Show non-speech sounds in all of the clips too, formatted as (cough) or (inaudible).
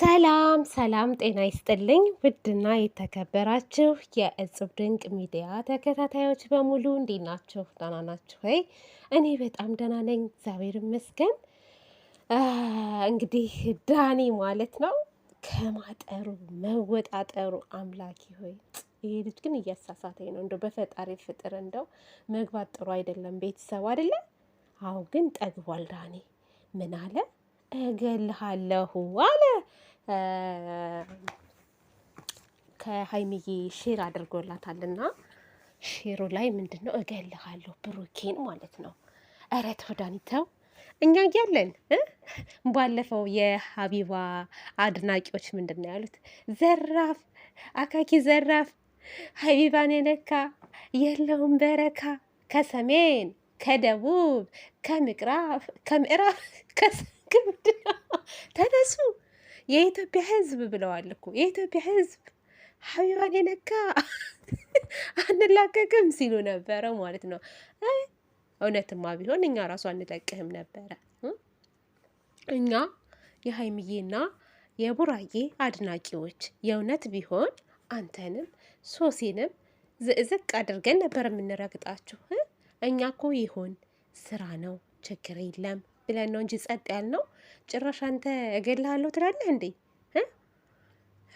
ሰላም ሰላም፣ ጤና ይስጥልኝ ውድና የተከበራችሁ የእጽብ ድንቅ ሚዲያ ተከታታዮች በሙሉ እንዴት ናችሁ? ደህና ናችሁ ወይ? እኔ በጣም ደህና ነኝ፣ እግዚአብሔር ይመስገን። እንግዲህ ዳኒ ማለት ነው ከማጠሩ መወጣጠሩ፣ አምላኪ ሆይ ይሄ ልጅ ግን እያሳሳተኝ ነው። እንደው በፈጣሪ ፍጥር እንደው መግባት ጥሩ አይደለም፣ ቤተሰብ አይደለም። አሁ ግን ጠግቧል። ዳኒ ምን አለ? እገልሃለሁ አለ ከሀይሚዬ ሼር አድርጎላታልና ሼሩ ላይ ምንድን ነው እገልሃለሁ ብሩኬን ማለት ነው። እረ ተወዳኒተው እኛ እያለን ባለፈው የሀቢባ አድናቂዎች ምንድን ነው ያሉት? ዘራፍ አካኪ ዘራፍ ሀቢባን የነካ የለውም በረካ። ከሰሜን ከደቡብ ከምዕራብ ከምዕራብ ተነሱ የኢትዮጵያ ሕዝብ ብለዋል እኮ የኢትዮጵያ ሕዝብ ሀቢባን የነካ (laughs) አንላቀቅም ሲሉ ነበረ ማለት ነው። እውነትማ ቢሆን እኛ ራሱ አንለቅህም ነበረ። እኛ የሀይምዬና የቡራዬ አድናቂዎች የእውነት ቢሆን አንተንም ሶሴንም ዝቅዝቅ አድርገን ነበር የምንረግጣችሁ። እኛ እኮ ይሁን ስራ ነው፣ ችግር የለም ብለን ነው እንጂ ጸጥ ያልነው። ጭራሽ አንተ እገልሃለሁ ትላለህ እንዴ?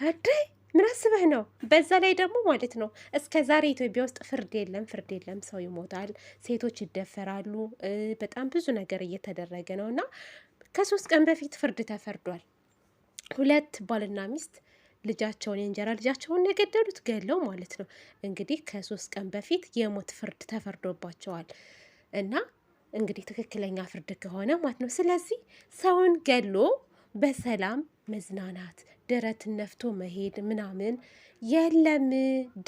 አዴ ምን አስበህ ነው? በዛ ላይ ደግሞ ማለት ነው እስከ ዛሬ ኢትዮጵያ ውስጥ ፍርድ የለም፣ ፍርድ የለም። ሰው ይሞታል፣ ሴቶች ይደፈራሉ። በጣም ብዙ ነገር እየተደረገ ነው እና ከሶስት ቀን በፊት ፍርድ ተፈርዷል። ሁለት ባልና ሚስት ልጃቸውን የእንጀራ ልጃቸውን የገደሉት ገለው ማለት ነው። እንግዲህ ከሶስት ቀን በፊት የሞት ፍርድ ተፈርዶባቸዋል እና እንግዲህ ትክክለኛ ፍርድ ከሆነ ማለት ነው። ስለዚህ ሰውን ገሎ በሰላም መዝናናት ደረት ነፍቶ መሄድ ምናምን የለም።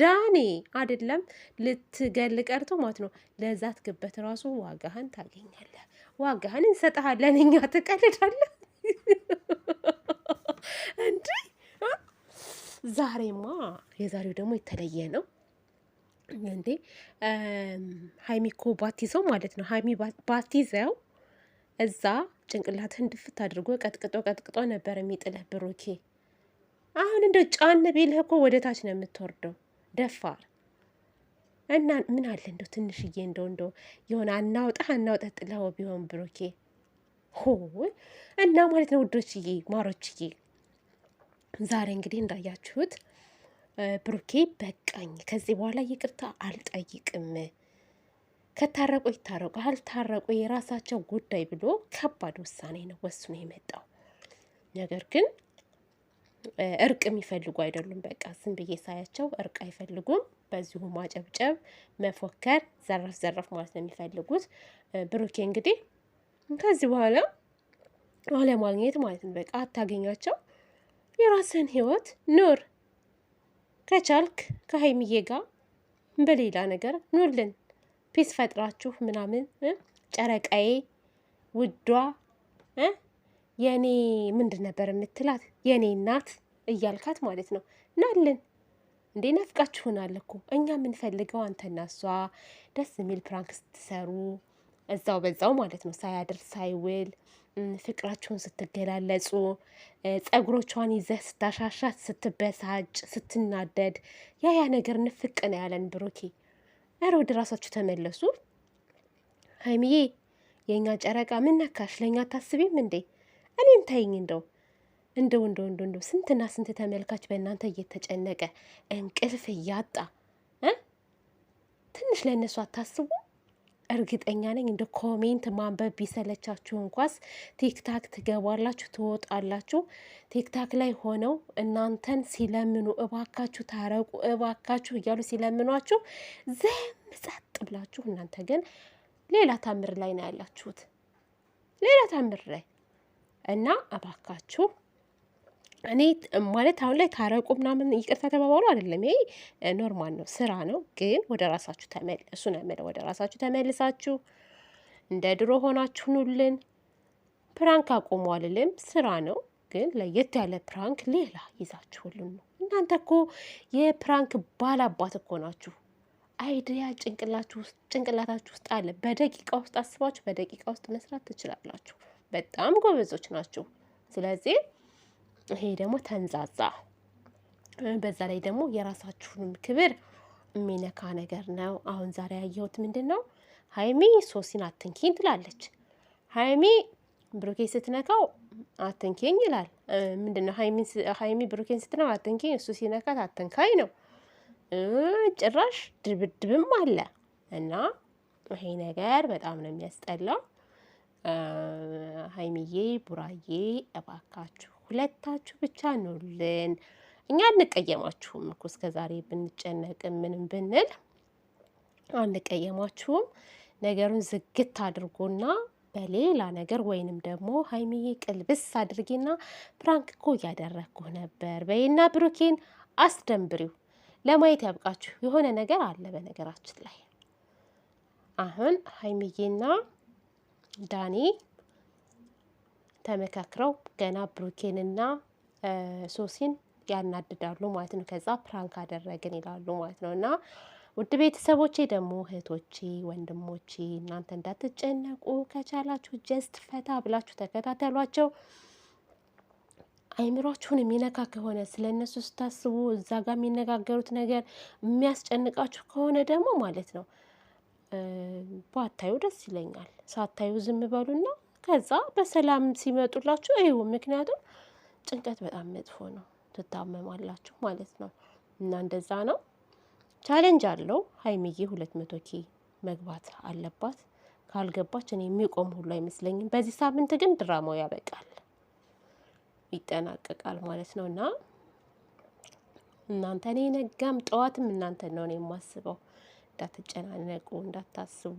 ዳኔ አይደለም ልትገል ቀርቶ ማለት ነው። ለዛ ትግበት ራሱ ዋጋህን ታገኛለህ። ዋጋህን እንሰጠሃለን። እኛ ትቀልዳለህ እንዲህ ዛሬማ የዛሬው ደግሞ የተለየ ነው። እንዴ ሀይሚ እኮ ባቲዘው ማለት ነው። ሀይሚ ባቲዘው እዛ ጭንቅላትህ እንድፍት አድርጎ ቀጥቅጦ ቀጥቅጦ ነበር የሚጥልህ ብሩኬ። አሁን እንደ ጫን ቢልህ እኮ ወደ ታች ነው የምትወርደው። ደፋር እና ምን አለ እንደው ትንሽዬ እንደው እንደው የሆነ አናውጣህ አናውጣህ ጥለው ቢሆን ብሩኬ ሆ እና ማለት ነው ውዶችዬ፣ ማሮችዬ ዛሬ እንግዲህ እንዳያችሁት ብሩኬ በቃኝ፣ ከዚህ በኋላ ይቅርታ አልጠይቅም፣ ከታረቁ ይታረቁ፣ አልታረቁ የራሳቸው ጉዳይ ብሎ ከባድ ውሳኔ ነው ወስኖ የመጣው። ነገር ግን እርቅ የሚፈልጉ አይደሉም። በቃ ዝም ብዬ ሳያቸው እርቅ አይፈልጉም። በዚሁ ማጨብጨብ፣ መፎከር፣ ዘረፍ ዘረፍ ማለት ነው የሚፈልጉት። ብሩኬ እንግዲህ ከዚህ በኋላ አለማግኘት ማለት ነው። በቃ አታገኛቸው፣ የራስህን ህይወት ኑር። ከቻልክ ከሀይሚዬ ጋር በሌላ ነገር ኑልን፣ ፒስ ፈጥራችሁ ምናምን። ጨረቃዬ ውዷ የኔ ምንድን ነበር የምትላት የኔ እናት እያልካት ማለት ነው። ናልን እንዴ ናፍቃችሁናል እኮ እኛ የምንፈልገው አንተና እሷ ደስ የሚል ፕራንክ ስትሰሩ እዛው በዛው ማለት ነው ሳያድር ሳይውል ፍቅራቸውን ስትገላለጹ፣ ጸጉሮቿን ይዘህ ስታሻሻት፣ ስትበሳጭ፣ ስትናደድ ያ ያ ነገር ንፍቅ ነው ያለን ብሩኬ። ኧረ ወደ ራሳችሁ ተመለሱ። ሀይሚዬ የእኛ ጨረቃ ምን ነካሽ? ለእኛ አታስቢም እንዴ? እኔን ታይኝ እንደው እንደው እንደው እንደው እንደው ስንትና ስንት ተመልካች በእናንተ እየተጨነቀ እንቅልፍ እያጣ ትንሽ ለእነሱ አታስቡ። እርግጠኛ ነኝ እንደ ኮሜንት ማንበብ ቢሰለቻችሁ እንኳስ ቲክታክ ትገባላችሁ፣ ትወጣላችሁ። ቲክታክ ላይ ሆነው እናንተን ሲለምኑ እባካችሁ ታረቁ፣ እባካችሁ እያሉ ሲለምኗችሁ ዝም ጸጥ ብላችሁ፣ እናንተ ግን ሌላ ታምር ላይ ነው ያላችሁት፣ ሌላ ታምር ላይ እና እባካችሁ እኔ ማለት አሁን ላይ ታረቁ ምናምን ይቅርታ ተባባሉ አይደለም። ይሄ ኖርማል ነው፣ ስራ ነው። ግን ወደ ራሳችሁ ተመልሱ ነው የምለው። ወደ ራሳችሁ ተመልሳችሁ እንደ ድሮ ሆናችሁ ኑልን። ፕራንክ አቁሙ አልልም፣ ስራ ነው። ግን ለየት ያለ ፕራንክ ሌላ ይዛችሁልን ነው። እናንተ እኮ የፕራንክ ባላባት እኮ ናችሁ። አይዲያ ጭንቅላችሁ ውስጥ ጭንቅላታችሁ ውስጥ አለ። በደቂቃ ውስጥ አስባችሁ በደቂቃ ውስጥ መስራት ትችላላችሁ። በጣም ጎበዞች ናችሁ። ስለዚህ ይሄ ደግሞ ተንዛዛ። በዛ ላይ ደግሞ የራሳችሁንም ክብር የሚነካ ነገር ነው። አሁን ዛሬ ያየሁት ምንድን ነው? ሀይሚ ሶሲን አትንኪኝ ትላለች። ሀይሚ ብሩኬ ስትነካው አትንኪኝ ይላል። ምንድን ነው ሀይሚ ብሩኬን ስትነው አትንኪኝ፣ እሱ ሲነካት አትንካኝ ነው። ጭራሽ ድብድብም አለ እና ይሄ ነገር በጣም ነው የሚያስጠላው። ሀይሚዬ ቡራዬ፣ እባካችሁ ሁለታችሁ ብቻ ኑልን። እኛ አንቀየማችሁም እኮ እስከዛሬ ብንጨነቅ ምንም ብንል አንቀየማችሁም። ነገሩን ዝግት አድርጎና በሌላ ነገር ወይንም ደግሞ ሀይሚዬ ቅልብስ አድርጌና ፕራንክ እኮ እያደረግኩ ነበር በይና ብሩኬን አስደንብሪው ለማየት ያብቃችሁ። የሆነ ነገር አለ። በነገራችን ላይ አሁን ሀይሚዬና ዳኒ ተመካክረው ገና ብሩኬንና ሶሲን ያናድዳሉ ማለት ነው። ከዛ ፕራንክ አደረግን ይላሉ ማለት ነው። እና ውድ ቤተሰቦቼ ደግሞ እህቶቼ፣ ወንድሞቼ እናንተ እንዳትጨነቁ ከቻላችሁ ጀስት ፈታ ብላችሁ ተከታተሏቸው። አይምሯችሁን የሚነካ ከሆነ ስለ እነሱ ስታስቡ እዛ ጋር የሚነጋገሩት ነገር የሚያስጨንቃችሁ ከሆነ ደግሞ ማለት ነው ባታዩ ደስ ይለኛል። ሳታዩ ዝም በሉና ከዛ በሰላም ሲመጡላችሁ ይሁ። ምክንያቱም ጭንቀት በጣም መጥፎ ነው፣ ትታመማላችሁ ማለት ነው። እና እንደዛ ነው። ቻሌንጅ አለው። ሀይሚዬ ሁለት መቶ ኬ መግባት አለባት። ካልገባች እኔ የሚቆም ሁሉ አይመስለኝም። በዚህ ሳምንት ግን ድራማው ያበቃል፣ ይጠናቀቃል ማለት ነው እና እናንተ እኔ ነጋም ጠዋትም እናንተ ነው የማስበው። እንዳትጨናነቁ፣ እንዳታስቡ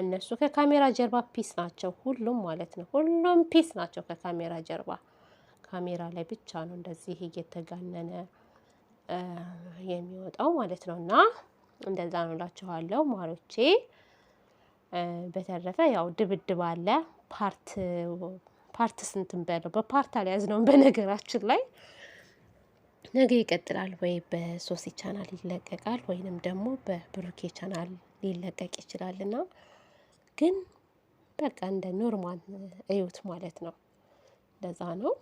እነሱ ከካሜራ ጀርባ ፒስ ናቸው፣ ሁሉም ማለት ነው። ሁሉም ፒስ ናቸው ከካሜራ ጀርባ። ካሜራ ላይ ብቻ ነው እንደዚህ እየተጋነነ የሚወጣው ማለት ነው። እና እንደዛ ነው እላችኋለሁ ማሮቼ። በተረፈ ያው ድብድብ አለ ፓርት ፓርት ስንት እንበለው፣ በፓርት አልያዝነውም (laughs) በነገራችን ላይ ነገ ይቀጥላል ወይ በሶሲ ቻናል ይለቀቃል ወይንም ደግሞ በብሩኬ ቻናል ሊለቀቅ ይችላል ይችላልና ግን በቃ እንደ ኖርማል እዩት ማለት ነው። እንደዛ ነው።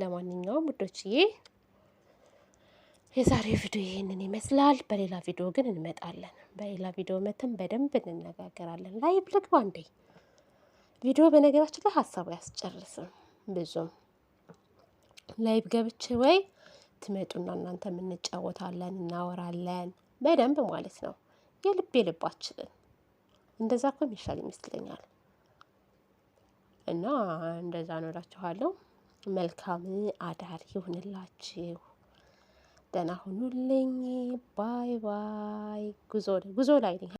ለማንኛውም ውዶችዬ የዛሬው ቪዲዮ ይህንን ይመስላል። በሌላ ቪዲዮ ግን እንመጣለን። በሌላ ቪዲዮ መተን በደንብ እንነጋገራለን። ላይቭ ልግባ እንዴ? ቪዲዮ በነገራችን ላይ ሀሳቡ አያስጨርስም ብዙም። ላይቭ ገብቼ ወይ ትመጡና እናንተ እንጫወታለን፣ እናወራለን በደንብ ማለት ነው የልቤ የልባችንን እንደዛ ኮ የሚሻል ይመስለኛል። እና እንደዛ ኖራችኋለሁ። መልካም አዳር ይሁንላችሁ። ደህና ሁኑልኝ። ባይ ባይ። ጉዞ ጉዞ ላይ ነኝ።